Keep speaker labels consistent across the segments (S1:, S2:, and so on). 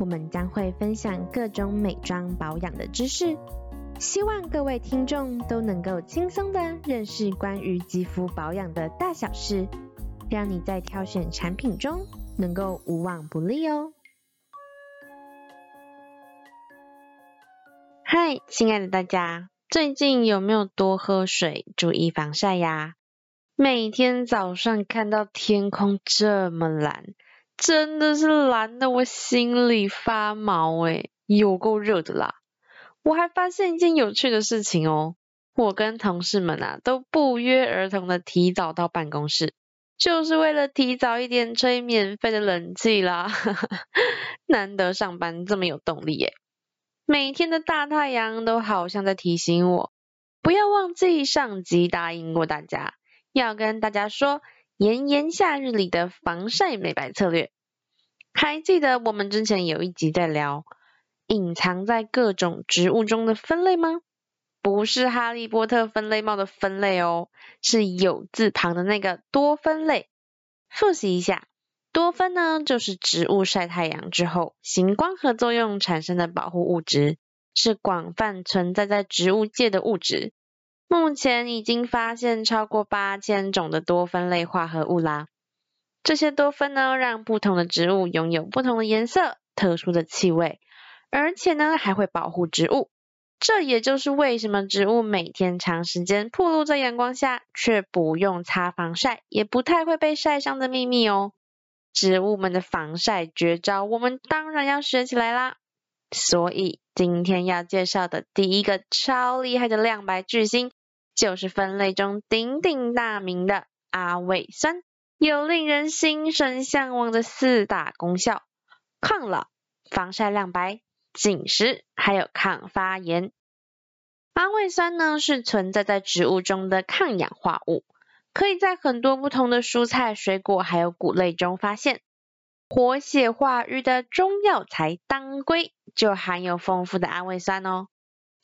S1: 我們將會分享各種美妝保養的知識，希望各位聽眾都能夠輕鬆的認識關於肌膚保養的大小事，讓你在挑選產品中能夠無往不利哦。嗨，親愛的大家，最近有沒有多喝水、注意防曬呀？每天早上看到天空這麼藍。真的是藍得我心裡發毛耶，有夠熱的啦！我還發現一件有趣的事情哦，我跟同事們啊都不約而同的提早到辦公室，就是為了提早一點吹免費的冷氣啦。 難得上班這麼有動力耶！每天的大太陽都好像在提醒我，不要忘記上集答應過大家，要跟大家說。炎炎夏日裡的防曬美白策略。還記得我們之前有一集在聊隱藏在各種植物中的酚類嗎？不是哈利波特分類帽的分類哦，是酉字旁的那個多酚類。複習一下，多酚呢，就是植物曬太陽之後行光合作用產生的保護物質，是廣泛存在在植物界的物質。目前已經發現超過八千種的多酚類化合物啦。這些多酚呢，讓不同的植物擁有不同的顏色、特殊的氣味，而且呢，還會保護植物。這也就是為什麼植物每天長時間暴露在陽光下，卻不用擦防曬，也不太會被曬傷的秘密哦。植物們的防曬絕招，我們當然要學起來啦。所以今天要介紹的第一個超厲害的亮白巨星。就是酚類中鼎鼎大名的阿魏酸，有令人心神嚮往的四大功效：抗老、防曬、亮白、緊實，還有抗發炎。阿魏酸呢，是存在在植物中的抗氧化物，可以在很多不同的蔬菜、水果，還有穀類中發現。活血化瘀的中藥材當歸就含有豐富的阿魏酸哦。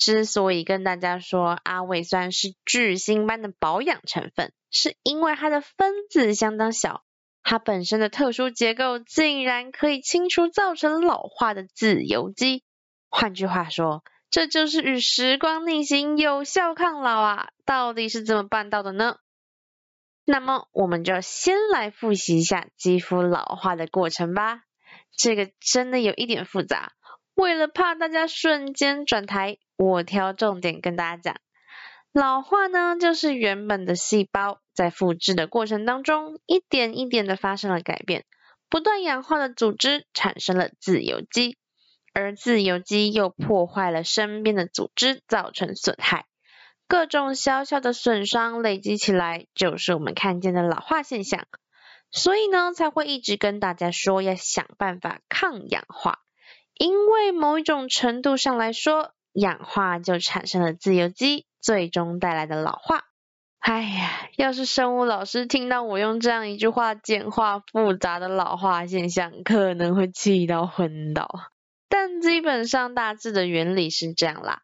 S1: 之所以跟大家說阿魏酸是巨星般的保養成分，是因為它的分子相當小，它本身的特殊結構竟然可以清除造成老化的自由基。換句話說，這就是與時光逆行、有效抗老啊！到底是怎麼辦到的呢？那麼，我們就先來複習一下肌膚老化的過程吧。這個真的有一點複雜。為了怕大家瞬間轉台，我挑重點跟大家講。老化呢，就是原本的細胞在複製的過程當中，一點一點的發生了改變，不斷氧化的組織產生了自由基，而自由基又破壞了身邊的組織，造成損害。各種小小的損傷累積起來，就是我們看見的老化現象。所以呢，才會一直跟大家說要想辦法抗氧化。因為某一種程度上來說，氧化就產生了自由基，最終帶來的老化。哎呀，要是生物老師聽到我用這樣一句話簡化複雜的老化現象，可能會氣到昏倒。但基本上大致的原理是這樣啦。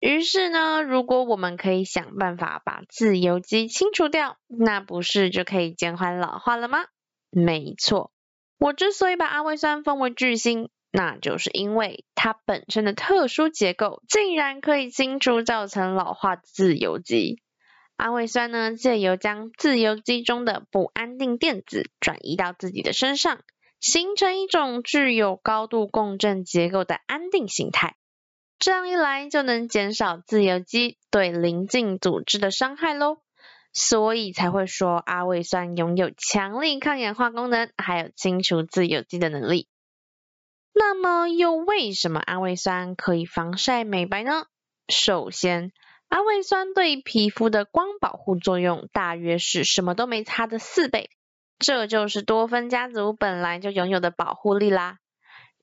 S1: 於是呢，如果我們可以想辦法把自由基清除掉，那不是就可以減緩老化了嗎？沒錯，我之所以把阿魏酸分為巨星。那就是因為它本身的特殊結構，竟然可以清除造成老化自由基。阿魏酸呢，借由將自由基中的不安定電子轉移到自己的身上，形成一種具有高度共振結構的安定形態。這樣一來，就能減少自由基對鄰近組織的傷害嘍。所以才會說阿魏酸擁有強力抗氧化功能，還有清除自由基的能力。那麼又為什麼阿魏酸可以防曬美白呢？首先，阿魏酸對皮膚的光保護作用大約是什麼都沒擦的四倍，這就是多酚家族本來就擁有的保護力啦。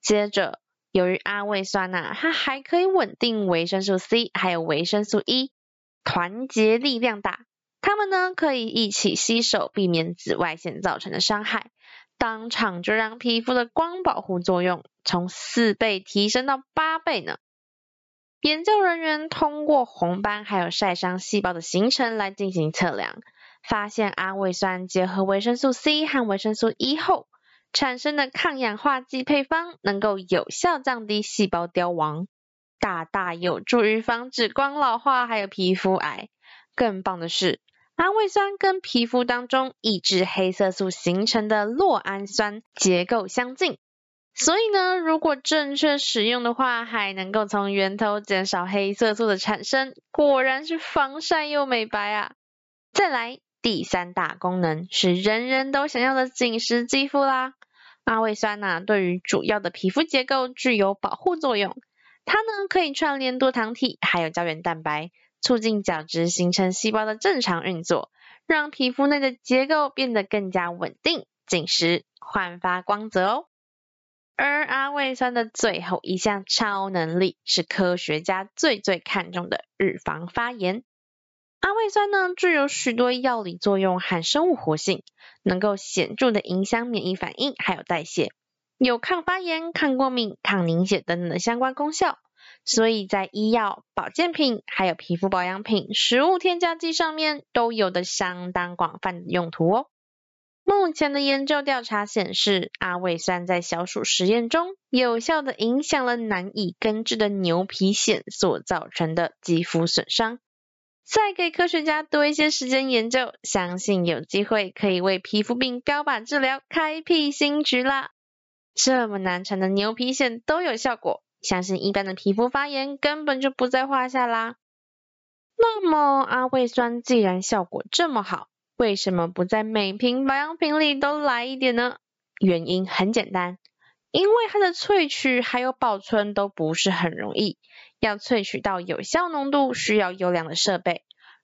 S1: 接着，由於阿魏酸啊，它還可以穩定維生素 C 還有維生素 E，團結力量大，它們呢可以一起吸收，避免紫外線造成的傷害。當場就讓皮膚的光保護作用從四倍提升到八倍呢！研究人員通過紅斑還有曬傷細胞的形成來進行測量，發現阿魏酸結合維生素 C 和維生素 E 後產生的抗氧化劑配方，能夠有效降低細胞凋亡，大大有助於防止光老化還有皮膚癌。更棒的是，阿魏酸跟皮膚當中抑制黑色素形成的酪氨酸結構相近，所以呢，如果正確使用的話，還能夠從源頭減少黑色素的產生。果然是防曬又美白啊！再來，第三大功能是人人都想要的緊實肌膚啦。阿魏酸呢、啊，對於主要的皮膚結構具有保護作用，它呢可以串聯多糖體還有膠原蛋白。促進角質形成細胞的正常運作，讓皮膚內的結構變得更加穩定、緊實、煥發光澤哦。而阿魏酸的最後一項超能力，是科學家最最看重的：預防發炎。阿魏酸呢，具有許多藥理作用和生物活性，能夠顯著地影響免疫反應，還有代謝，有抗發炎、抗過敏、抗凝血等等的相關功效。所以在醫藥、保健品，還有皮膚保養品、食物添加劑上面都有的相當廣泛的用途哦。目前的研究調查顯示，阿魏酸在小鼠實驗中，有效地影響了難以根治的牛皮癬所造成的肌膚損傷。再給科學家多一些時間研究，相信有機會可以為皮膚病標靶治療開闢新局啦！這麼難纏的牛皮癬都有效果！相信一般的皮膚發炎，根本就不在話下啦。那麼，阿魏酸既然效果這麼好，為什麼不在每瓶保養品裡都來一點呢？原因很簡單，因為它的萃取還有保存都不是很容易，要萃取到有效濃度需要優良的設備。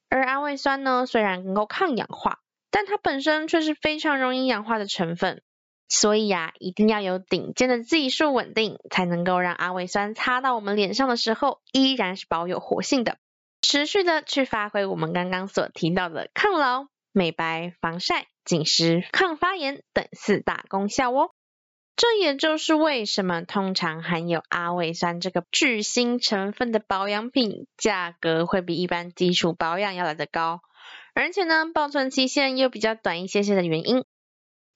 S1: 而阿魏酸呢，雖然能夠抗氧化，但它本身卻是非常容易氧化的成分。所以啊，一定要有頂尖的技術穩定，才能夠讓阿魏酸擦到我們臉上的時候，依然是保有活性的，持續的去發揮我們剛剛所提到的抗老、美白、防曬、緊實、抗發炎等四大功效哦。這也就是為什麼通常含有阿魏酸這個巨星成分的保養品，價格會比一般基礎保養要來得高，而且呢，保存期限又比較短一些些的原因。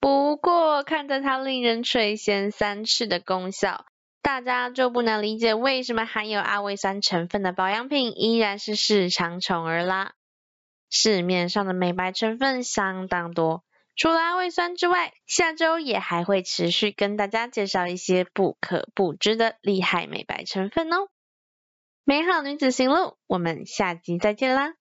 S1: 不過，看着它令人垂涎三尺的功效，大家就不難理解為什麼含有阿魏酸成分的保養品依然是市場寵兒啦。市面上的美白成分相當多，除了阿魏酸之外，下周也還會持續跟大家介紹一些不可不知的厲害美白成分哦。美好女子行路，我們下集再見啦！